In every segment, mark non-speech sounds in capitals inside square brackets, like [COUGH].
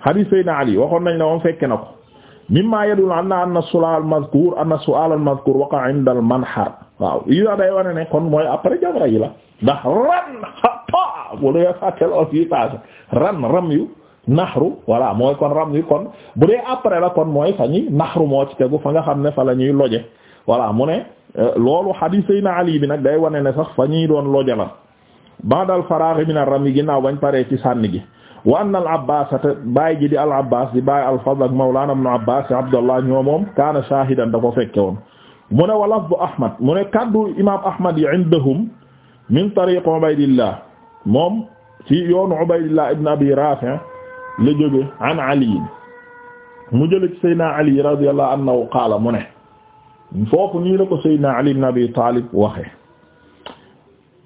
hadis Seydina Ali waxoon nañ la moom fekke na ko mimma yadul anna anna su'al al-mazkur anna su'al al-mazkur waqa inda al-manhar waaw yi daa day wane ne kon mooy après jamra yi la ndax ran xata wala yo naxru voilà mooy kon ram yu kon bu dee après la kon mooy fa ñi naxru moo ci tegu fa nga xam ne fa la ñuy loje voilà mu ne euh, loolu hadis Seydina Ali bi nag day wane ne sax fa ñuy doon loje la ba'dal faragh min ar-rami ginnaaw bañ paree ci sànni gi wa anna al Abbaas te baay ji di al Abbaas di baay al Fadl ak mawlaana ibn Abbaas Abdallah ñoo moom kaana shaahidan da ko fekke woon mu ne wa lafdu Ahmad mu ne kaddu imaam Ahmad yi indahum min tariq Ubaydillah moom ci yoonu Ubaydillah ibn Abi Raafi' la jóge an Ali mu jële ci Seydina Ali radiyallahu anhu qaala mu ne foofu nii la ko Seydina Ali ibn Abi Taalib waxe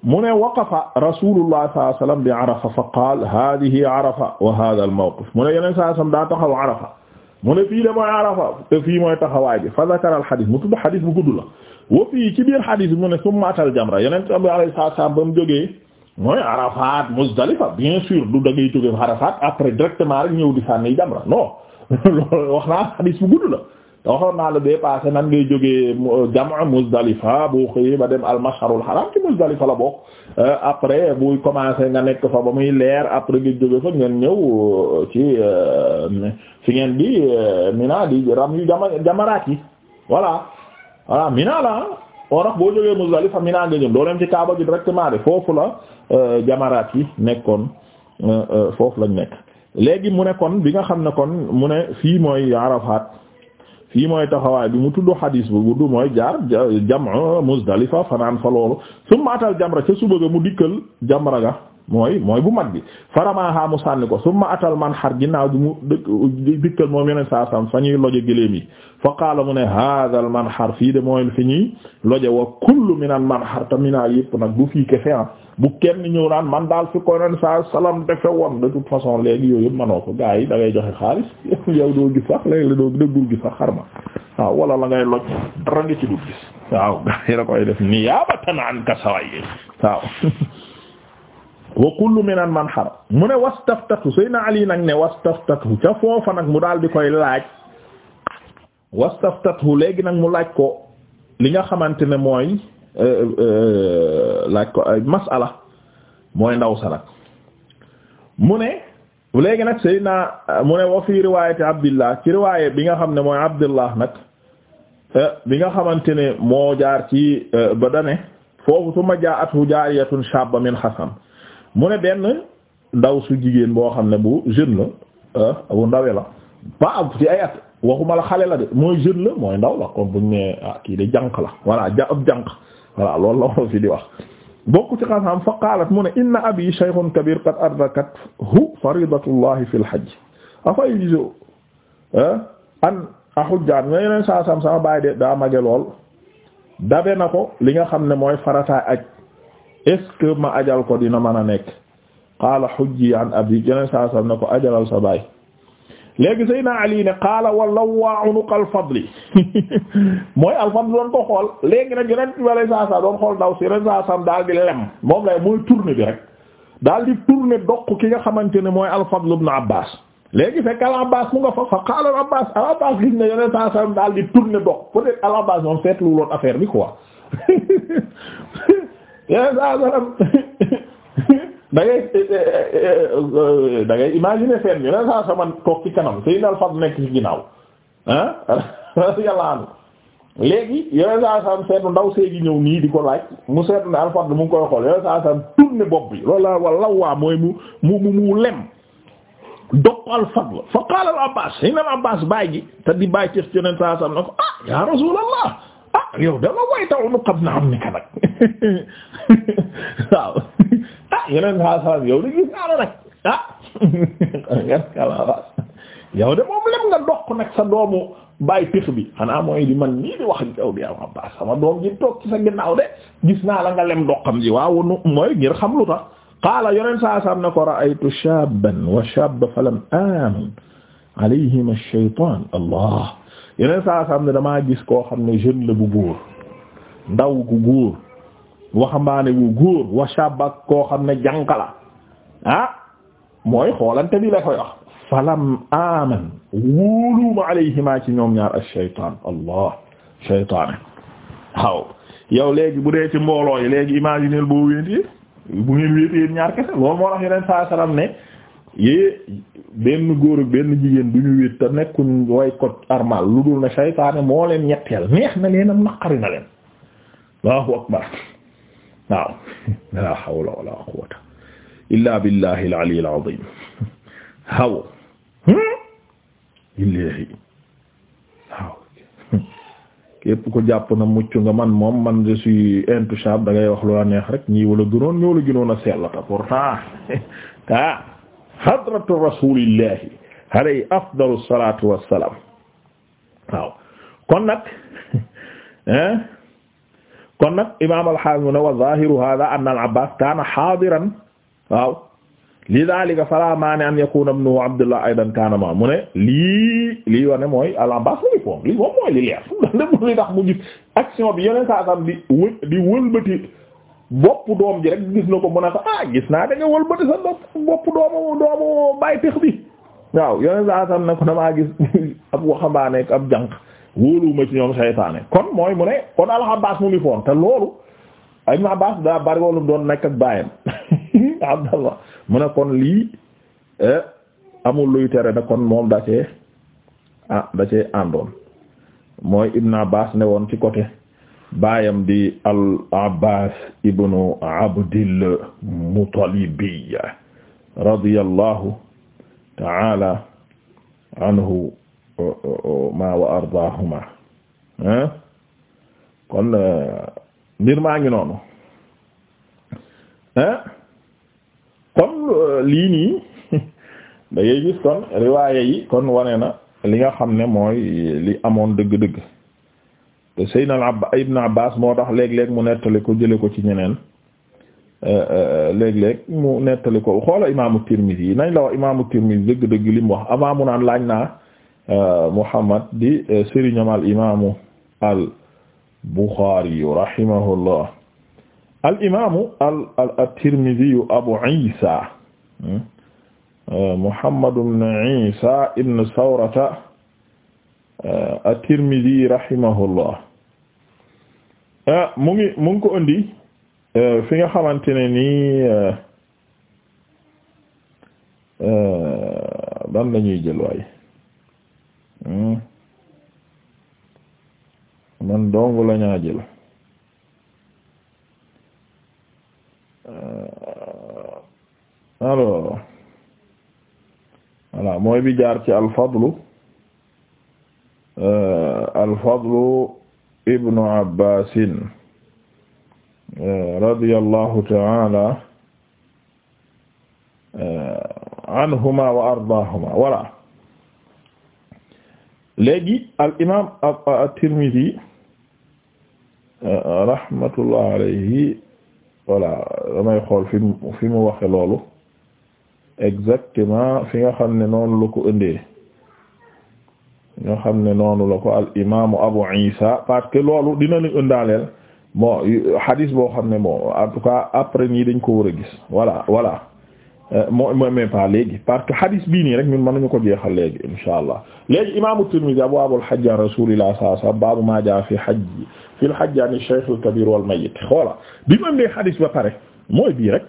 mu ne waqafa rasulullah sallallahu alayhi wasallam bi arafa fa qaal hadihi arafa wa hada al mawqif mu ne yeneen saa sallam daa taxaw arafa mu ne fii de mooy arafa te fii mooy taxawaaji fa zakara al hadith mu tudd hadith bu gudd la wa fii ci biir hadith bi mu ne summa atal jamra yeneen saa sallam ba mu jógee mooy arafat muzdalifa bien sûr du da ngay jógee arafat après directement rek ñëw di sànni jamra non [LAUGHS] loolu wax naa hadith bu gudd la waxoon naa la bee passé nan ngay jógee euh, jamaa Muzdalifa boo xëyee ba dem almasharul haram ci Muzdalifa la bokk euh, après buy commencé nga nekk fa ba muy leer après nga jóge fa ngeen ñëw euh, ci fi ngeen di Mina di ram yu jamaraat yi voilà voilà Mina la ah. moo tax boo jógee Muzdalifa Mina nga ñëw doo dem ci Kaaba gi directement de foofu la jamaraat yi nekkoon foofu lañ nekk léegi mu ne kon bi nga xam ne kon mu ne fii mooy Arafat fii mooy taxawaay bi mu tudd xadiis bu gudd mooy jaar jamu Muzdalifa fanaan fa loolu summa atal jamra ca suba ga mu dikkal jamra ga mooy mooy bu mag bi faramaaha mu sànni ko su ma atal man xar ginnaaw bi mu dë dikkal moom yeneen saa sam fa ñuy loje gëléem yi fa qaala mu ne haadal man xar fii de mooy fi ñuy loje wa kullu minan man yëpp nag du fii kefe ah. kenn ñëw naan man daal fi ko yeneen saa salam defe woon de toute façon léegi yooyu yëpp manoo ko gaa yi da ngay joxe xaalis [LAUGHS] yow doo gis sax léegi la doo dëggul gis sax xar ma waaw wala la ngay loj dara nga ci du gis waaw gaa koy def niyaabatan an kasaway waaw [LAUGHS] wa kullu minan man xaram mu ne wastaftatu sayna ali nag ne wastaftatu ca foofa nag mu daal di koy laaj wastaftatu léegi nag mu laaj ko li nga xamante ne mooy euh, euh, laaj ko euh, masala mooy ndaw sa mu ne léegi nag sayna mu ne wa fi riwaayati abdillah ci riwaaye bi nga xam ne mooy abdillah nag bi nga xamante ne moo jaar ci ba dane foofu suma jaa'athu jaariyatun shabba min xasan mu ne benn ndaw su jigéen boo xam ne bu jeune la ah, bu ndawe la pas ab ci ay at waxuma la xale la de mooy jeune la mooy ndaw la comme buñ ne ah kii de jànq la voilà ja ab jànq loolu la waro fi di wax bokk ci xam-xam fa qaalat mu ne inna abi shaykhun kabir qad adrakat hu faridatullahi fi lhajj afay biso ah, an ahujjaan nga yeneen saa sam sama bàyyi de daa mage lool dabe na ko li nga xam ne mooy farataay aj est ma ajal ko dina mën a nekk qaala hujji an abi yeneen saa sallam ne ko ajalal sa baay léegi Seydina Ali ne qaala walaw waa unuq al-Fadli [LAUGHS] mooy al-Fadli doon ko xool léegi nag yeneen yeneen saa ndaw si yeneen daal di lem moom lay mooy tourner bi daal di turne doq ki nga xamante ne mooy al-Fadl ibn Abbas léegi fekk al-Abbas mu nga fa fa al-Abbas al-Abbas gis ne yeneen daal di tourner doq bi quoi. [LAUGHS] yeneen saa salaam da ngay eh, eh, eh, da ngay imaginer seen yeneen saa sama toog ci kanam Seydina Al-Fadl nekk ci ginnaaw ah [LAUGHS] radiyallahu yeneen saa salaam seetu ndaw ñëw nii di ko laaj mu seetu ne al mu ngi koy xool yeneen saa salaam tourné bopp bi Ah, yow dama way taw nu xam na am ni ka nag [LAUGHS] waaw ah, yow de gis naa nag ah. [LAUGHS] yow de moom lem nga doq nag sa doomu bàyyi pix bi xanaa mooy di man nii di wax yow di am abbas sama doom ji toog ginnaaw de gis naa la nga lem doqam ji waaw nu mooy ngir xam lu tax qaala yeneen saa saa ko ra'aytu shaban wa shab falam amin allah yeneen saa sam ne damaa gis koo xam ne jeune la bu góor ndaw gu góor waxambaane gu góor washaba koo xam ne jànkala ah mooy xoolante bi la koy wax falam aman wóoluuma alayhima ci ñoom ñaar ash-shaytaan allah shaytaane waaw yow léegi bu dee ci mbooloo yi léegi imagineel boo wéetee bu ngeen wéetee ñaar kese loolu moo tax yeneen saa salaam ne yée benn góor ak benn jigéen du ñu wét nekkuñ way ko armal lu dul na saytaane moo leen ñetteel neex na leen am naqari na leen Allahu akbar waaw la hawla wala quwwata illa billahi al-ali al-azim haw illaahi képp ko jàpp na mucc nga man moom man je suis intouchable da ngay wax lu la neex rek ñii wala gënoon ñoo la gënoon a sellata pourtant ah [LAUGHS] hadratu rasulillahi alayhi afdalu salatu wassalam waaw kon nag eh? kon nag imam alhaasmu ne wa zahiru hada anna al abbas kana hadiran waaw lidalika fala maani an yakuna ibnu abdullah aidan kana ma mu ne lii lii wane mooy al abbas li moom li moom mooy li leer [LAUGHS] ndax mu gis action bi yeneen saa sam di wë di wëlbati bopp doom ji rek gis na ko mën a ko ah gis naa da nga wëlbati sa bopp bopp doomu doomu bàyyi tex bi waaw yone saa sam ne ko [LAUGHS] waxambaane ab jànq ci ñoom kon mooy mu mu ngi foon te loolu Ibn Abbas daa bari woon doon nekk ak baayam [LAUGHS] Abdallah a ne kon lii eh, amul luy tere na kon moom da cee ah da cee àndoon mooy Ibn Abbas ne woon ci côté. baayam bi al abbas ibnu abdil mutalibi radiyallahu taala anhu ma wa ardaahuma kon mbir maa ngi noonu kon lii nii da kon riwaaya yi kon wane na li nga xam ne mooy li amoon dëgg-dëgg Seydina al Ibn Abbas moo tax léeg-léeg mu nettali ko jële ko ci ñeneen eh, eh, léeg-léeg mu nettali ko xoola imaamu Tirmidhi yi nañ la wax imaamu Tirmidhi dëgg-dëgg li mu wax avant mu naan laaj naa eh, Muhammad di sëriñam al imaamu al Bukhari rahimahullah al imaamu al al al Tirmidhi Abu Isa hmm? Muhammad ibn Isa ibn Sawrata at-Tirmidhi rahimahullah Ah, mu ngi mu ngi ko euh, fi nga xamante ne nii euh, euh, ban la ñuy jël waay hmm? man dong la ñaa jël alors voilà mooy bi jaar ci al fadlu al ibnu abbasin eh, radiyallahu taala eh, anhuma wa ardaahuma voilà léegi al imaam at-Tirmidhi eh, rahmatullah alayhi voilà damay xool fi mu fi mu waxe loolu exactement fi nga xam ne noonu la ko indee ñoo xam ne noonu la ko al imaamu Abu Isa parce que loolu dina ñu ëndaaleel bon hadis boo xam ne moo en tout cas après ñii dañ ko war a gis voilà voilà euh, moo moo mais pas léegi parce que hadis bii nii rek ñun mënuñu ko jeexal léegi insha allah léegi a Tirmidhi abwaabul hajj an rasuulillah sallallahu alayhi wasallam baabu maa jaa fi hajj fil hajj an ash-shaykh al-kabir wal mayyit xoola bi mu ëndee hadis ba pare mooy bii rek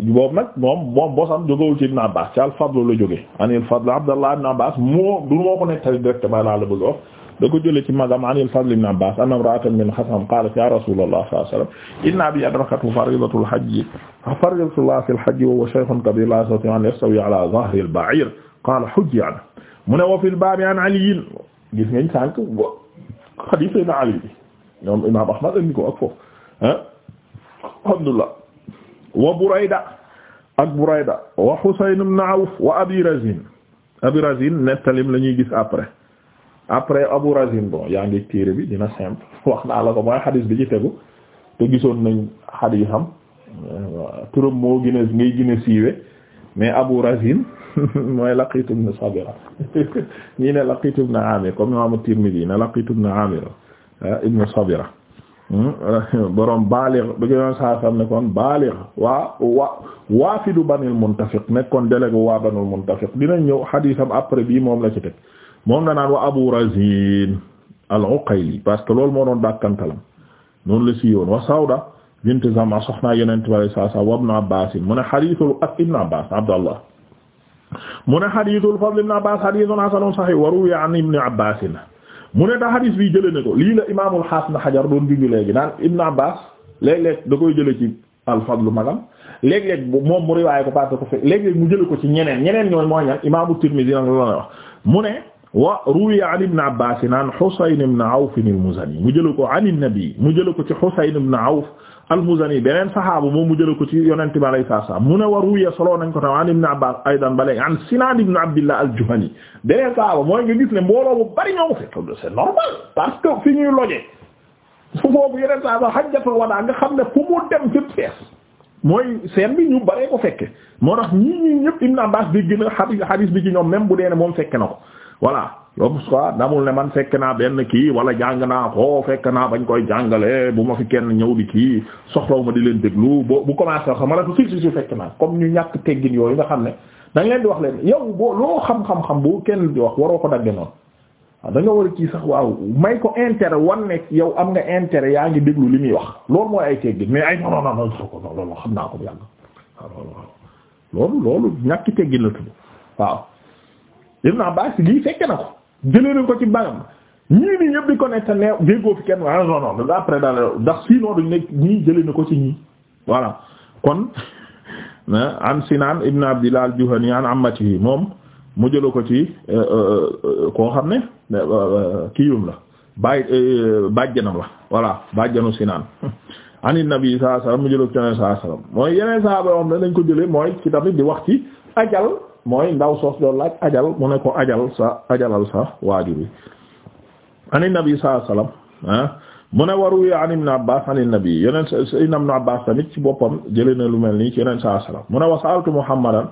boobu nag moom moom bosam jógewul ci Ibn Abbas ci al-Fadl la jóge anil Fadl Abdallah ibn Abbas moo du moo ko nettali directement laa la bëgg wax da ko jële ci magam anil Fadl ibn Abbas anna imra'atan min Xasam qaalat ya Rasulallah sallallahu alayhi wasallam inna abi adrakathu fariidatu al-hajj fariidatullah fi al-hajj wa huwa shaykhun kabiir la yastati'u an yastawi ala dhahri al-ba'iir qaala hujji anhu mu ne wa fil baabi an Ali gis ngeen sànq hadiis Sayyidina Ali bi ñoom Imaam Ahmad andi ko ak foofu ah alhamdulillah wa Burayda ak Burayda wa Husayn ibn Awf wa Abi Razin Abi Razin nettalim la ñuy gis après après Abu Razin bon yaa ngi téere bi dina simple [LAUGHS] wax naa la ko mooy xadis bi ci tegu te gisoon nañ xadisam euh, turam moo gën a ngay gën a siiwe mais Abu Razin [LAUGHS] mooy Laqit ibn Sabira [LAUGHS] ñii ne Laqit ibn Amir comme Imam Tirmidhi ne Laqit ibn Amir euh, ibn Sabira Hmm? [LAUGHS] borom baaligh bi ko saa sam nekkoon baaligh waa waa waafidu banil muntafiq nekkoon délégué waa banil muntafiq dina ñëw xadiisam après bii moom la ci teg moom na naan wa abu razin al-uqayli parce que loolu moo doon dàkkantalam noonu la si yoon wa sawda bint zama soxnaa yonent bi alayhi salaam wa ibn abbas mu ne xadiisul ak ibn abbas abdallah mu mu ne da hadis bi jëlee na ko lii la imaamul xaas na xajar doon junj léegi naan Ibn Abbas léeg-léeg da koy jëlee ci alfadlu magam léeg-léeg moom mu riwaay ko parce que léeg-léeg mu jëlee ko ci ñeneen ñeneen ñooy mooy ñan imaamu Tirmidhi la wax mu ne wa ruwiya an Ibn Abbas naan Husayn ibn Awf al-Muzani mu jëlee ko an an-Nabi mu jëlee ko ci Husayn ibn Awf al-Muzani beneen saxaabu moom mu jëla ko ci yonent bi alayhi salaam mu ne wa ruwiya solo nañ ko tam an Ibn Abbas aydan balay an Sinan ibn Abdillah al-Juhani beneen saxaabu mooy nga gis ne mbooloo bu bari ñoo fi c'est normal parce que fi ñuy loje fu foofu yeneen saxaabu hajjatul wadaa nga xam ne fu mu dem fépp fees mooy seen bi ñu baree ko fekke moo tax ñii ñii ñëpp Ibn Abbas bi gën a xadiis bi ci ñoom même bu dee ne moom fekke na ko voilà loolu quoi damul ne man fekk naa benn kii wala jàng naa ko fekk naa bañ koy jàngale bu ma fi kenn ñëw di kii soxlaw ma di leen déglu boo bu commencé wax ma la fi fekk naa comme ñu ñàkk teggin yooyu nga xam ne dañ di wax yow boo xam xam bu kenn di wax waroo ko dagge noonu waaw da war kii sax waaw may ko intérêt wan nekk yow am nga intérêt yaa ngi déglu li muy wax loolu mooy ay teggin mais ay non non non loolu xam naa ko bu yàgg waaw loolu loolu ñàkk teggin la tudd waaw Ibn Abbas lii fekke na ko jëlee nañ ko ci bagam ñii nii ñëpp di ko ne déggoo daal ndax sinon duñ jëlee na ko ci ñii voilà kon [LAUGHS] ah, an Sinan ibn Abdillah al-Juhani an ammatihi moom mu jëloo ko ci eh, eh, eh, koo xam ne kiyum la bàyyi bàjjanam la voilà bàjjanu Sinan [LAUGHS] an nabi sallallahu alayhi mu jëloo ko ci yeneen sallallahu alayhi mooy yeneen sahaaba yoo xam ne dañ ko jëlee mooy ci tamit di wax ci ajal mooy ndaw soos doon laaj ajal mu ne ko ajal sa ajalal sa waajur wi ani nabi sallallahu alayhi wasallam ah mu ne waru an ibn abbas an nabi yeneen sayyidina ibn abbas tamit ci boppam jëlee na lu mel nii ci yeneen sallallahu alayhi wasallam mu ne wasaltu muhammadan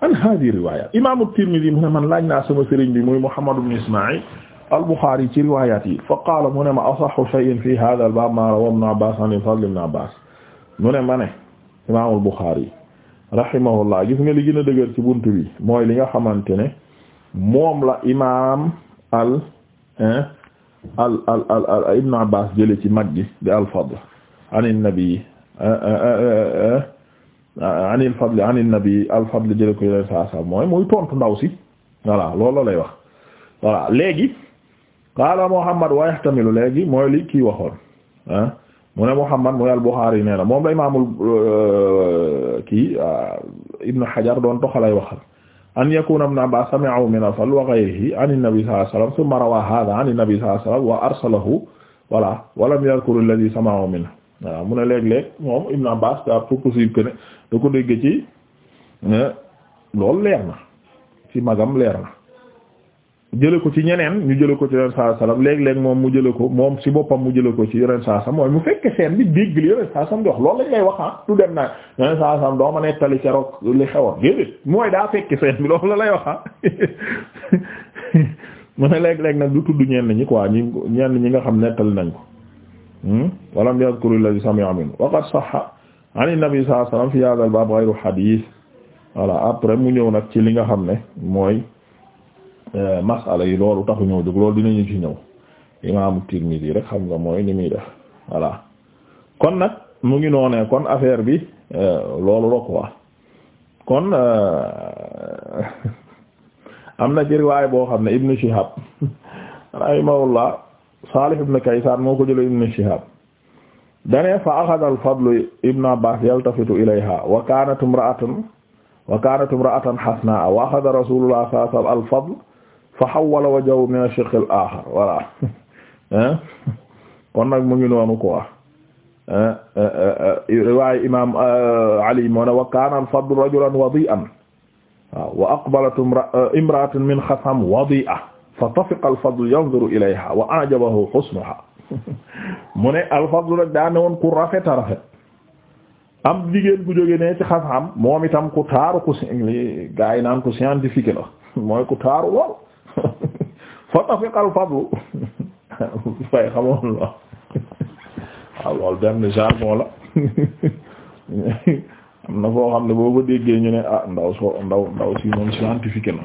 an hadhihi riwaya imam at-tirmidhi mu ne man laaj naa sama sëriñ bi muy muhammad ibn isma'il al-bukhari ci riwayat yi fa qaala mu ne ma asahhu shay'in fi hadha al-bab ma rawa ibn abbas an fadl ibn abbas mu ne ma ne imam al-bukhari rahimahullah gis nga li gën a dëgër ci buntu bi mooy li nga xamante ne moom la imaam al al al al al ibn Abbas jële ci mag gi di al Fadl anin nabi anil Fadl anin nabi al Fadl jële ko yeneen saa saa mooy muy tontu ndaw si voilà loolu lay wax voilà léegi qaala Muhammad wa yahtamilu léegi mooy li kiy waxoon mu ne Muhammad mu ne al-Bukhari nee na moom la imaamul euh, kii euh, Ibn Hajar doon toxalay waxal an yakuna Ibn Abbas sami'ahu min al-fadl wa ghayrihi an an-nabi sallallahu alayhi wa sallam thumma rawa hadha an an-nabi sallallahu alayhi wa sallam wa arsalahu voilà wa lam yadhkur alladhi sami'ahu minhu voilà mu ne léeg-léeg moom Ibn Abbas daa possible que ne da ko dégg ci loolu leer na ci magam leer na jële ko ci ñeneen ñu jële ko ci yoneen saa sallam léeg-léeg moom mu jële ko moom si boppam mu jële ko ci yoneen saa sallam mooy mu fekke seen bi dégg li yoneen saa sallam di wax loolu lañ lay wax ah du dem naa yoneen saa sallam doo ma nettali ca roog li xewoon déedéet mooy daa fekke seen bi loolu lay wax ah [LAUGHS] mu ne léeg-léeg nag du tudd ñenn ñi quoi ñi ñenn ñi nga xam nettali nañ ko hmm? walam yadhkuru alladhi sami'a minhu wa qad sahha an nabi sallallahu alayhi wasallam fi hadha al-bab ghayru hadith voilà après ñëw nag ci li nga xam ne mooy Euh, masala yi loolu taxu ñëw jóg loolu dinañu ci ñëw imaamu Tirmidhi rek xam nga mooy ni muy def voilà kon nag mu ngi noonee kon affaire bi euh, loolu la kon euh, [LAUGHS] am na ci boo xam ne Ibn Shihab [LAUGHS] rahimahullah Salih ibn Kaysan moo ko jëlee Ibn Shihab dane fa axada al ibn Abbas yaltafitu ilayha wa kanat imra'atan wa kanat imra'atan hasna'a wa axada Rasulullah sallallahu alayhi wa fa hawwala wajhahu min ash-shiqq al-akhar voilà kon nag mu ngi noonu quoi riwaaya imam euh, Ali moo ne wa kaana al-fadlu rajulan wadi'an waaw wa aqbalat euh, imra'atun min Xasam wadi'a fa tafiqa al-fadlu yanzuru ilayha wa a'jabahu husnuha [LAUGHS] mu ne al-fadlu nag daa ne woon ku rafet a rafet am jigéen ku jóge ne ci Xasam moom itam ku taaru ku si li gaa yi naan ku scientifique la [LAUGHS] mooy ku taaru lool fa tafiqal fadlu fay xamoon la waaw loolu benn jargon la am na foo xam ne boo déggee ñu ne ah ndaw soo ndaw ndaw si moom scientifique na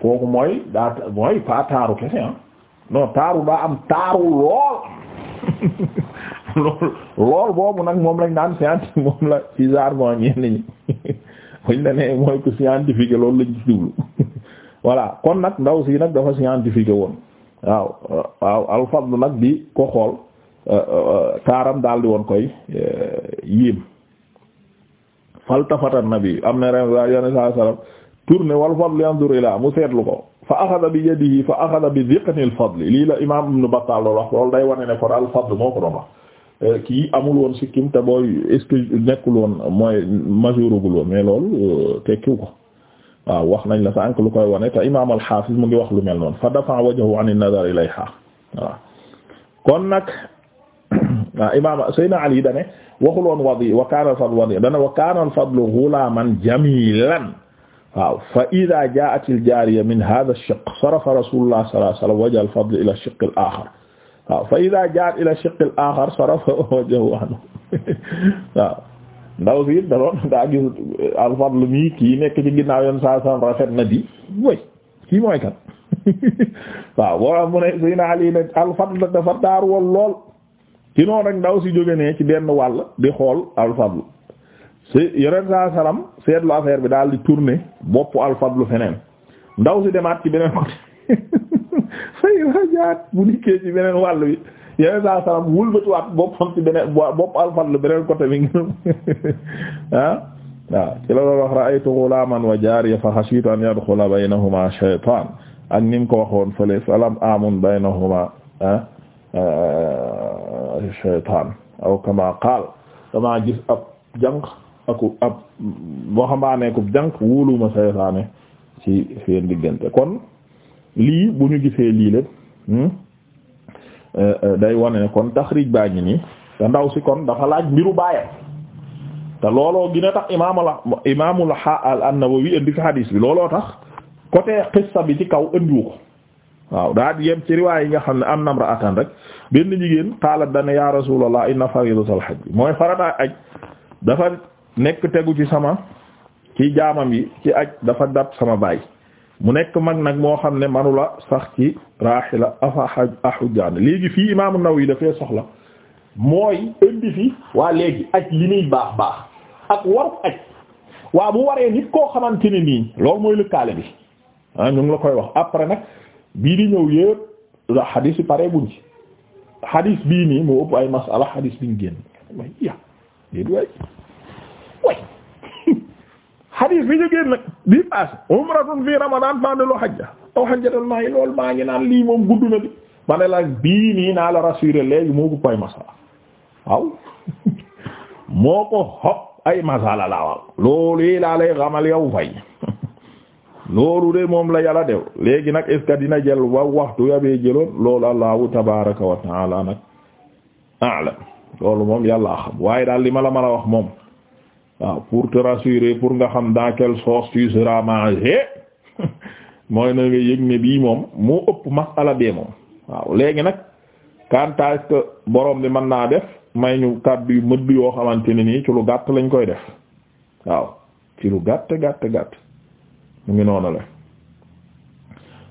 kooku mooy daa mooy pas taaru kese ah non taaru daa am taaru lool lool lool boobu nag moom lañ daan scientifique moom la ci jargon ñenn ñi buñ la nee mooy ku scientifique loolu lañ ci jublu voilà kon nag ndaw si nag dafa scientifique woon waaw waaw al-Fadl nag di ko xool euh, euh, taaram daal di woon koy euh, yéem faltafata nabi am na ren wa yone wal Fadl yanzur ila mu seetlu ko fa axada bi yadihi fa axada bi diqni al-Fadl lii la imam Ibn Battal loolu wax loolu day wane ne kon al-Fadl moo ko doon wax kii amul woon sikkim te booy est-ce que nekkul woon mooy majeuragul woon mais loolu tekkiw ko waaw wax nañ la sànq lu koy wane te imaam al-Hafiz mu ngi wax lu mel noonu fa dafa wajhu an an-nazar ilayha waaw kon nag waaw imaam Seydina Ali dane waxuloon wadi wa kaana al-fadlu wadi dane wa kaana al-fadlu ghulaman jamilan waaw fa idha ja'at al-jariya min hadha ash-shiqq sarafa rasulullah sallallahu alayhi wa sallam wajha al-fadl ila ash-shiqq al-akhar waaw fa idha ja'at ila ash-shiqq al-akhar sarafa wajhahu anhu [LAUGHS] waaw ndaw si it da [LAUGHS] daa gis alfadlu mi kii nekk ci ginnaaw yoon saa sam rafet na di way kii mooy kat [LAUGHS] waaw boo mu ne suy naa lii ne alfadlu dafa daar woon lool ci noonu rek ndaw si jóge ne ci benn wàll di xool alfadlu si yeneen saa salam seetlu affaire bi daal di tourner boppu alfadlu feneen ndaw si demaat ci beneen côté [LAUGHS] fay rajaat bu dikkee ci beneen wàll bi yeneen saa salaam wëlbatiwaat boppam ci beneen bopp alfadl beneen côté bi ngi [LAUGHS] ah waaw ci la doon wax ra'aytu ghulaman wa jariya fa khashitu an yadkhula baynahuma shaytan ak ni ko waxoon fële falam amun baynahuma ah, ah shaytan aw kama qaal dama gis ab jànq aku ab boo xambaane ko jànq wóoluma ci seen diggante kon lii bu ñu gisee lii lépp Euh, euh, day wane ne kon taxriij baa ngi nii te ndaw si kon dafa laaj mbiru baayam te looloo gën a tax imaamul imaamul an-Nawawi indi fi hadis bi looloo tax côté xissa bi ci kaw indiwu ko waaw daa di yem ci riwaay yi nga xam ne am nam ra atan rek benn jigéen xaalat dane ya rasulallah inna faridatal hajj mooy farataay aj dafa nekk tegu ci sama ci jaamam yi ci aj dafa dat sama baay mu nekk mag nag moo xam ne manula sax ci raaxila afa ahujjaan léegi fii imaam An-Nawawi dafay soxla mooy indi fi waa léegi ak li muy baax baax ak waru aj waa bu waree nit koo xamante ne nii loolu mooy lëkkaale bi ah ñu ngi la koy wax après nag bii di ñëw yëpp da xadis bi pare buñ ci xadis bii nii mu ëpp ay masala xadis biñ génn way ya way xadiis bi ñu génn nag bii paase umratun fii ramadan ba'dal hajja aw hajjatul ma'i loolu maa ngi naan lii moom gudd na bi ma ne la bii naa la rassuré léegi moo ko koy masala waaw [LAUGHS] moo ko xob ay masala laa waaw loolu yi xamal yow fay [LAUGHS] loolu de moom la yàlla def léegi nag est dina jël wa waxtu yabee jëloon loolu allahu tabaraka wa taala nag a'lam loolu moom yàllaa xam waaye daal li mala la a wax moom waaw pour te rassurer pour nga xam dans quelle sauce tu seras [LAUGHS] mooy na nga yëg ne bii moom moo ëpp masala bee moom waaw léegi nag quant est-ce que bi mën naa def may ñu kàddu yu mëdd yoo xamante ne nii ci lu gàtt lañ koy def waaw ci lu gàtt gàtt gàtt mu ngi noonu la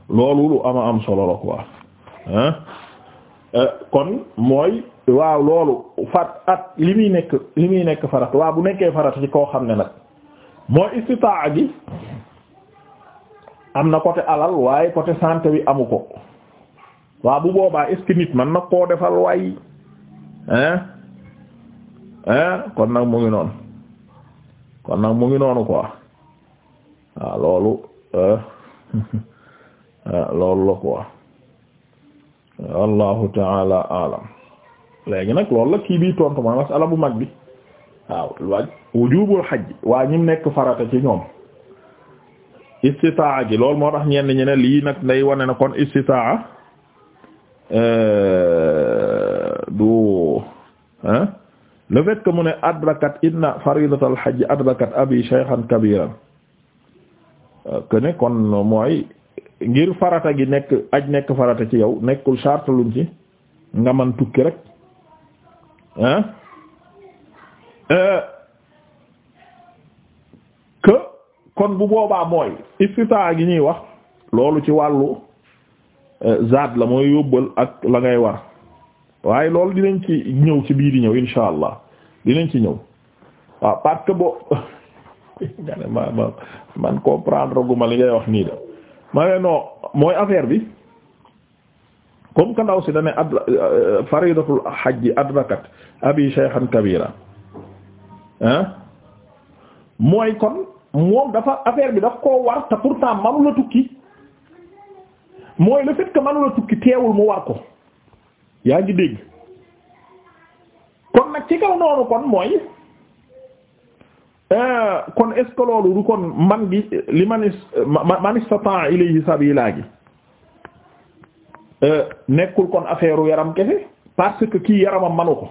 loolu lu ama am solo la quoi hein euh, kon mooy waaw loolu fat at li muy nekk li muy nekk farata waa bu nekkee farata ci koo xam ne nag moo istitaa gi am na côté alal waaye côté santé bi amu ko waa bu boobaa est nit man nag koo defal waay hein hein kon nag mu ngi noonu kon nag mu ngi noonu quoi waaw loolu euh, [LAUGHS] loolu la quoi wallahu ta'ala léegi nag loolu la kii bii tontu masala bu mag bi waaw waaj wujubul xaj waa ñim nekk farata ci ñoom istitaa gi lool moo tax ñeen ñi ne lii nag day wane na kon istitaa euh, du hein le mu ne adrakat inna faridatal xaj adrakat abi shaykhan kabiran euh, que kon mooy ngir farata gi nekk aj nekk farata ci yow nekkul charte luñ ci nga man tukki rek Euh, que kon bu boobaa mooy istitaa gi ñuy wax loolu ci wàllu euh, zaad la mooy yóbbal ak la ngay war waaye loolu dinañ ci ñëw ci biir di ñëw insha allah dinañ ci ñëw waaw ah, parce que bo [LAUGHS] nga ne ma ma li ngay wax nii de ma ne mooy affaire bi comme que ndaw si dane ad euh, faridatul hajji adrakat abi shaykhan kabira ah mooy kon moom dafa affaire bi daf koo war te pourtant manula tukki mooy le fait manula tukki teewul mu war ko yaa ngi dégg kon nag ci kaw noonu kon mooy euh, kon est du kon man gi li manis man istata ilayhi sabila gi Euh, nekkul kon affaire yaram kese parce que kii yaramam manu ko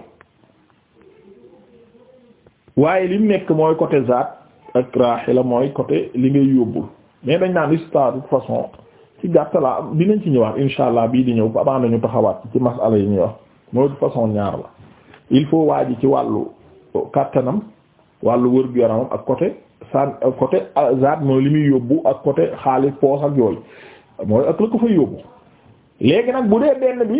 waaye li nekk mooy côté zaat ak raaxila mooy côté li ngay yóbbul mais dañ naan histoire de toute façon ci gàttalaa dinañ ci ñëwaat insha allah bii di ñëw avant nañu taxawaat ci masala yi ñuy wax mooy de façon ñaar la il faut waa ji ci wàllu kàttanam wàllu wërgu yaramam ak côté san côté euh, zaat mooy li muy yóbbu ak côté xaalis poos ak yooyu mooy ak la ko fay yóbbu léegi nag bu dee benn bi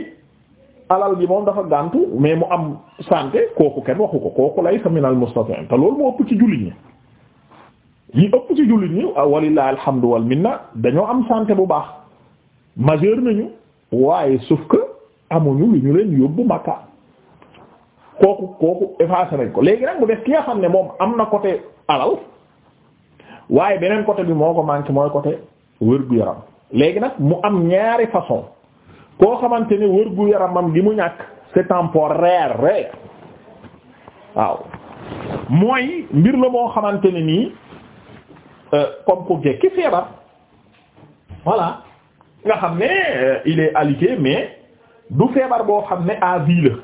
alal bi moom dafa gàntu mais mu am santé kooku kenn waxu ko kooku lay sa minal mustatin te loolu moo ëpp ci jullit ñi ñi ëpp ci jullit ñi walillahi alhamdu wal minna dañoo am santé bu baax majeur nañu waaye sauf que amuñu lu ñu leen yóbbu Makka kooku kooku effacé nañ ko léegi nag mu def ki nga xam ne moom am na côté alal waaye beneen côté bi moo ko manqué mooy côté wér-gu-yaram léegi nag mu am ñaari façon koo xamante ne wër gu yaramam gi mu ñàkk c'est temporaire waaw mooy mbir la moo xamante ne nii euh, comme ku jekki feebar voilà nga xam ne euh, il est mais du feebar boo xam ne à vie la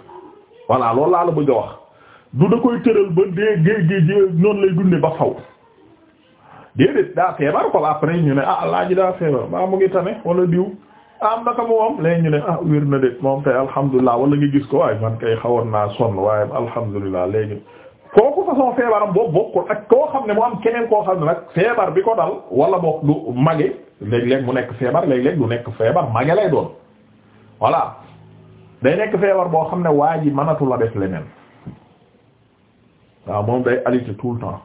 voilà loolu laa la bëgg a wax du da koy tëral ba dee géej géej noonu lay dunde ba faw déedéet daa feebar ko après ñu ne ah laa ji daa feebar maa mu ngi tane wala diw am naka mu am léegi ñu ne ah wér na de moom kay alhamdulilah wala nga gis ko waaye man kay xawoon naa sonn waaye alhamdulilah léegi kooku façon feebaram boobu bokkul ak koo xam ne mu am keneen koo xam ne nag feebar bi ko dal wala boog du mage léeg-léeg mu nekk feebar léeg-léeg du nekk feebar mage lay doon voilà day nekk feebar boo xam ne waa ji mënatu def leneen waaw moom day alité tout le temps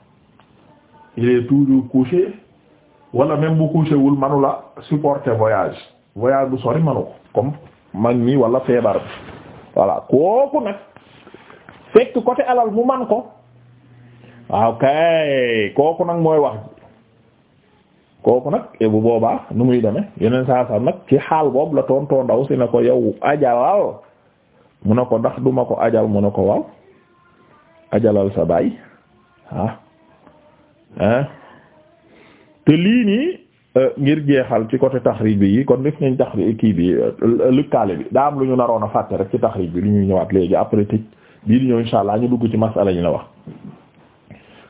il est toujours couché wala même bu couché wul mënu la voyage bu sori manu ko comme mag wala feebar bi voilà kooku nag fekk côté alal mu man ko waaw ah, kay kooku nag mooy wax kooku nag bu boobaa nu muy demee yeneen saa nag ki xaal boobu la tontoo ndaw si ne ko yaw ajalal mu ne ko ndax duma ko ajal mu ne ko waaw ajalal sa baay ah, ah. te lii nii ngir jeexal ci côté taxrij bi yi kon def nañ taxrij kii bi euh, lëkkaale bi daa am lu ñu naroon a fàtte rek ci taxrij bi lu ñuy ñëwaat léegi après tëj bii di ñëw insha allah ñu dugg ci masala ñu la wax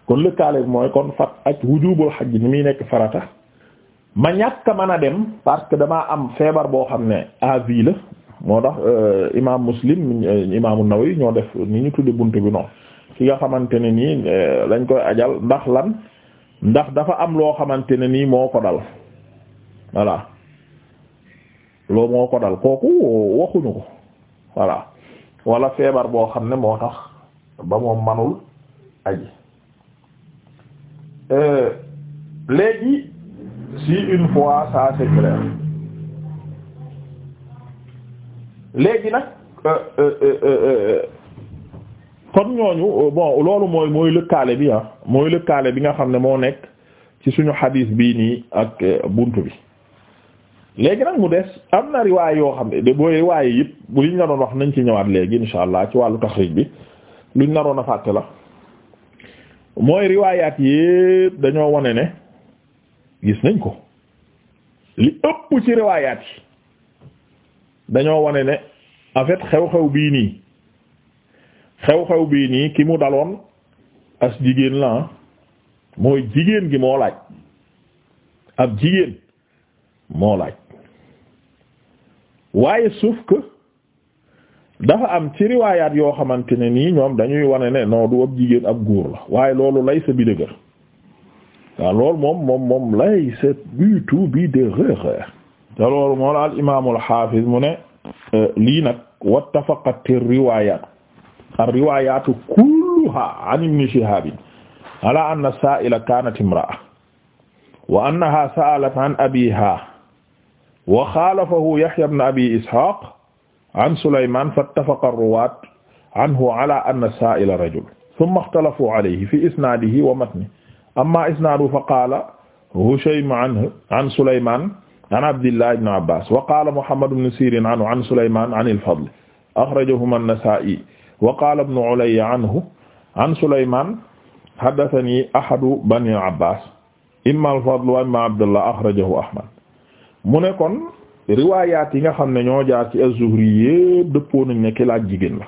kon lëkkaale bi mooy kon fat ak wujubul xaj ni muy nekk farata ma ñàkk man a dem parce que damaa am feebar boo xam ne avi la moo tax euh, imam muslim euh, imaamu Nawawi ñoo def ni ñu tudde bunt bi noonu ki nga xamante ne nii lañ koy ajal ndax lan ndax dafa am loo xamante ne nii moo ko dal voilà loo moo ko dal kooku waxuñu ko voilà wala feebar boo xam ne moo tax ba moom manul aji euh, léegi si une fois ça c'est léegi nag euh, euh, kon ñooñu euh, bon loolu mooy mooy lëkkaale bi ah mooy lëkkaale bi nga xam ne moo nekk ci suñu xadiis bii nii ak euh, buntu bi léegi nag mu des am na riwaay yoo xam ne de booy riwaay yëpp bu liñ naroon wax nañ ci ñëwaat léegi insha allah ci wàllu taxriij bi luñ naroon a fàtte la mooy riwaayaat yëpp dañoo wane ne gis nañ ko li ëpp ci riwaayaat yi dañoo wane ne en fait xew-xew bii nii. xew-xew bii nii ki mu daloon as jigéen la mooy jigéen gi moo laaj ab jigéen moo laaj waaye sauf que dafa am ci riwaayaat yoo xamante ne nii ñoom dañuy wane ne non ab jigéen ab góor la waaye loolu lay sa bi dëgër waaw loolu moom moom moom lay sa du tout bi dëgër te loolu moo la al imaamul xaafiz mu ne eh, lii nag wattafaqati riwaayaat ar-riwaayaatu kulluhaa an ibn Shihaab alaa anna saa'ila kaanat imra'a wa annahaa sa'alat an abiihaa wa xaalafahu Yahyaa ibn Abii Ishaaq an Sulaymaan fattafaqa ar-ruwaat anhu alaa anna saa'ila rajul summa ixtalafuu alayhi fii isnaadihi wa matnihi ammaa isnaaduhu faqaala Hushaym anhu an Sulaymaan an Abdillah ibn Abbaas wa qaala Muhammad ibn Siriin anhu an Sulaymaan an al-Fadl axrajahumaa an-Nasaa'i wa qaala ibnu ulayya anhu an sulayman haddathani ahadu bani abbas imma al-fadl wa ahmad mu ne kon riwaayaat yi nga xam ne ñoo jaar ci az-zuhri yépp dëppoo nañ ne ki laaj jigéen la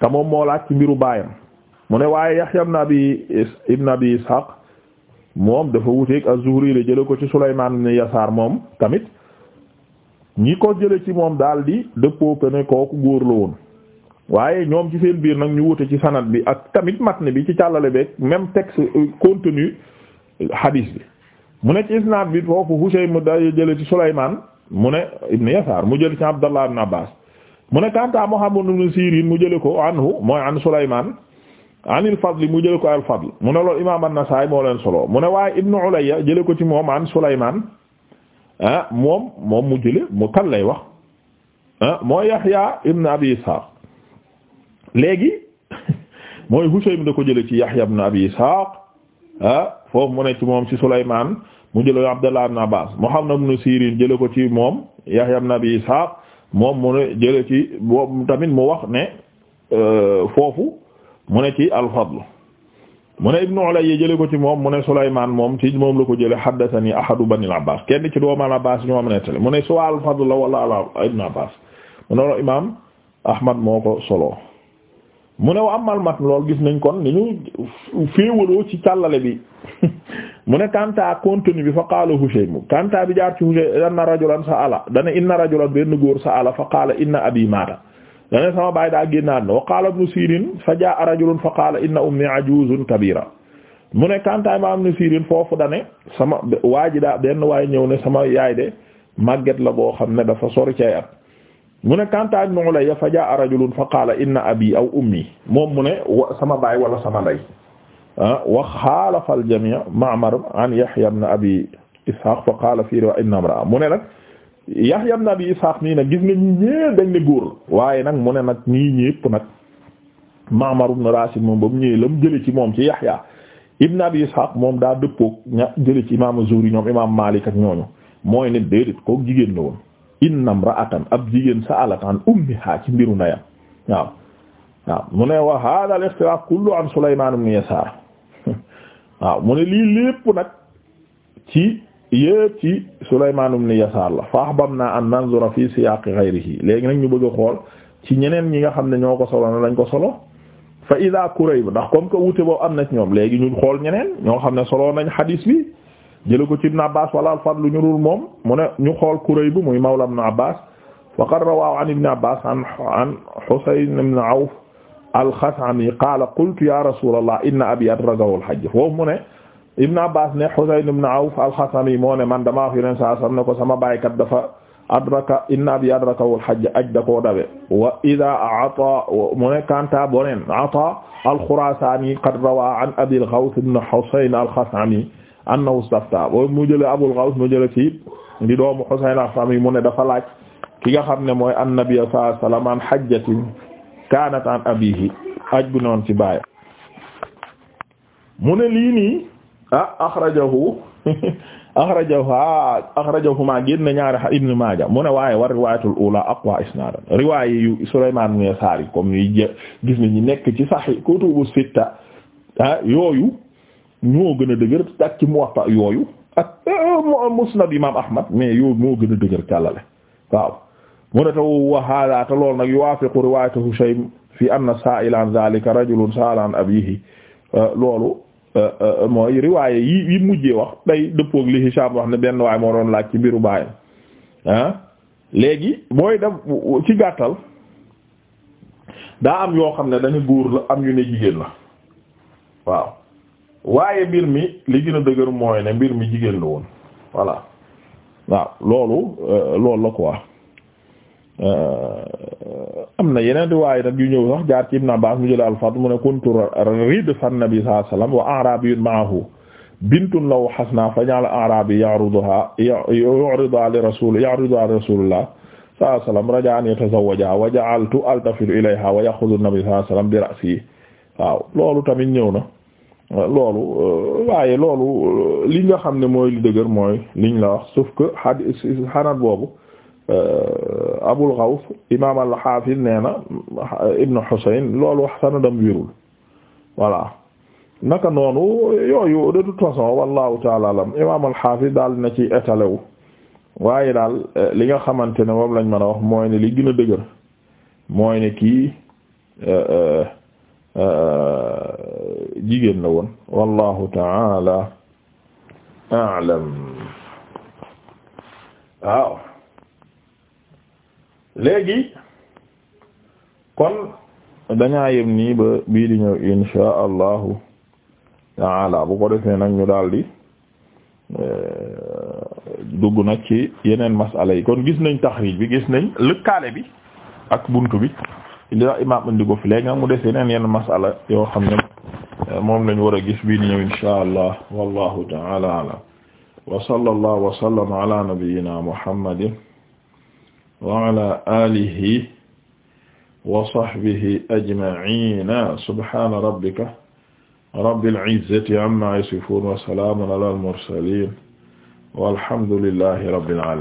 te moo laaj ci mbiru baayam mu ne waaye yahya ibn abi ibn abi ishaq moom dafa wuteeg az-zuhri la jële ko ci sulayman ibn yasaar moom tamit ñi ko jële ci moom daal di dëppoo pene kooku góor la woon waaye ñoom ci seen biir nag ñu wute ci sanad bi ak tamit matn bi ci càllale beeg même texte euh, contenu euh, hadith bi mu ne ci isnaad bi foofu Hushaym mu day jële ci Sulaymaan mu ne ibn Yasaar mu jële ci Abdallah ibn Abbaas mu ne kanta Muhammad ibn Sirin mu jële ko anhu mooy an Sulaymaan an al-Fadl mu jële ko al-Fadl mu ne loolu imaam An-Nasaa'i moo leen solo mu ne waaye Ibn Ulayya jële ko ci moom an Sulaymaan ah moom moom mu jële mu kan lay wax ah mooy Yahya léegi [LAUGHS] mooy Hushaym da ko jële ci Yahya ibn Abi Ishaq ah foofu mu ne ci moom ci Sulaymaan mu jële Abdullah ibn Abbas Muhammad ibn Sirin jële ko ci moom Yahya ibn Abi Ishaq moom mu ne jële ci boobu tamit mu wax ne euh, foofu mu ne ci al-Fadl mu ne Ibn Ulayya jële ko ci moom mu ne Sulaymaan moom ci moom la ko jële haddathani ahadu bani al-Abbas kenn ci doomu al-Abbas ñoo am nettali mu ne suwa al-Fadl la wala ala Ibn Abbas mu ne Imaam Ahmad moo ko solo mu ne wa amal mat lool gis nañ kon ni ñu féewaloo ci càllale bi [LAUGHS] mu ne kanta contenu bi fa qaala Hushaym kanta bi jaar ci Hushaym anna rajulan sa'ala dana inna rajulan benn góor sa'ala fa qaala inna abi maata dana sama baay daa génn àdduna wa qaala ibnu Sirin fa jaa'a rajulun fa qaala inna ummi ajuuzun kabira mu ne kanta imaam ibnu Sirin foofu dane sama waa ji daa benn waay ñëw ne sama yaay de màgget la boo xam ne dafa sori ci ay mu ne Kanta ak Ndongo lay fa jaa rajulun fa qaala inna abi aw ummi moom mu ne sama baay wala sama ndey ah wa xaalafa al-jamii' Ma'mar an Yahya ibn Abi Ishaq fa mu ne nag Yahya ibn Abi Ishaq nii nag gis nga dañ ne góor waaye nag mu ne nag ñii ñëpp nag Ma'mar ibn Rashid moom ba mu ñëwee la mu jëlee ci moom ci Yahya ibn Abi Ishaq moom daa dëppoo ña jëlee ci imaamu Zuhri ñoom imaamu Maalik ak ñooñu mooy ne déedéet kooku jigéen la innam ra'atan ab jigéen sa'alat an ummiha ci mbiru ndeyam waaw waaw mu ne wa hada al ikhtilaf kullu an Sulayman ibn Yasar [LAUGHS] waaw mu ne lii lépp nag ci yépp ci Sulayman ibn Yasar la fa ahbabna an nanzura fi siyaq ghayrihi léegi nag ñu bëgg a xool ci ñeneen ñi nga xam ne ñoo ko solo na lañ ko solo fa ida Kurayb ndax kom que wuute boobu am na ñoom léegi ñu xool ñeneen ñoo xam ne solo nañ hadis bi jële ko ci ibn abbas wala al fadl ñu rul moom mu ne ñu xool Kurayb bu muy mawla ibn abbas wa qad rawaahu an ibn abbas an an husayn ibn awf al xasami qaala qultu ya rasulallah inna abi adrakahu al hajj foofu mu ne ibn abbas ne husayn ibn awf al xasami moo ne man damaa wax yeneen saa sam ne ko sama baaykat dafa adraka inna abi adrakahu al hajj aj da koo dawe wa ida ata mu ne kanta boneen ata al xurasani qad rawaa an abi al gawth ibn husayn al xasami annahu stafta mu jëlee Abul Qaws mu jëlee ci di doomu Husayn al-Fahmi dafa laaj ki nga xam ne mooy annabi sallallahu alayhi wasallam an hajjatin kaanat an abiihi aj bu noon ci baay mu ne lii nii ah akhrajahu [LAUGHS] akhrajahu akhrajahuma génn ñaari Ibn Maaja mu ne waaye war riwaayatul ula aqwa isnaadan riwaaya yu Sulaymaan ibn Yasaar gis ni ñi nekk ci Sahih kutubu sitta ah, yooyu ñoo gën a dëgër ak ci Muwatta yooyu ak euh, Musnad Imam Ahmad mais yow moo gën a dëgër càllale waaw mu ne taw wa hada te lool nag yuwaafiqu riwaayata Hushaym fi anna saa'ila an zaalika rajulun sa'ala an euh, loolu euh, mooy riwaaye yi yi mujjee wax day dëppook li Hishaam wax ne benn waay moo doon laaj ci mbiru baayam ah. léegi mooy def ci gàttal daa am yoo xam ne dañu góor la am yu ne jigéen la waaw waaye mbir mi li gën a dëgër mooy ne mbir mi jigéen la woon voilà waaw loolu euh, loolu la quoi euh, am na yeneen riwaay nag yu ñëw sax jaar ci Ibn Abbas mu jël al-Fath mu ne kuntu ridfan nabi sallallahu alayhi wasallam wa a'rabiyyun ma'ahu bintun law hasna fa ja'ala a'rabi ya'riduha yu'riduha li rasul ya'riduha li rasulillah sallallahu alayhi wasallam raja'a an yatazawwajaha wa ja'altu altafitu ilayha wa ya'khudhu an-nabi sallallahu alayhi wasallam bi ra'sihi waaw loolu tamit ñëw na loolu euh, waaye loolu euh, li nga xam ne mooy li dëgër mooy liñ la wax sauf que hadis boobu euh, Abul Xaws imaam al-Hafiz nee na Ibn Husayn loolu wax sanadam wérul naka noonu yooyu de toute façon wallahu taala alam imaam al daal na ci étalé wu waaye daal li nga xamante ne moom lañ mën a wax mooy ne li gën a dëgër mooy ne kii jigéen la woon wallahu taala a'lam waaw léegi kon dañaa yem nii ba bii di ñëw insha allahu taala bu ko defee nag ñu daldi eh, dugg nag ci yeneen masala yi kon gis nañ taxriij bi gis nañ lëkkaale bi ak buntu bi li imam indi ko fi léegi mu des yeneen yenn masala yoo xam ne moom lañ war a gis bi ñëw inshaa Allah wallahu ta'ala a'lam wa sallallahu wa sallama ala nabiyyina muhammadin wa ala alihi wa sahbihi ajma'in subhana rabbika rabbil izzati amma yasifun wa salamun ala al mursalin walhamdulillahi rabbil alamin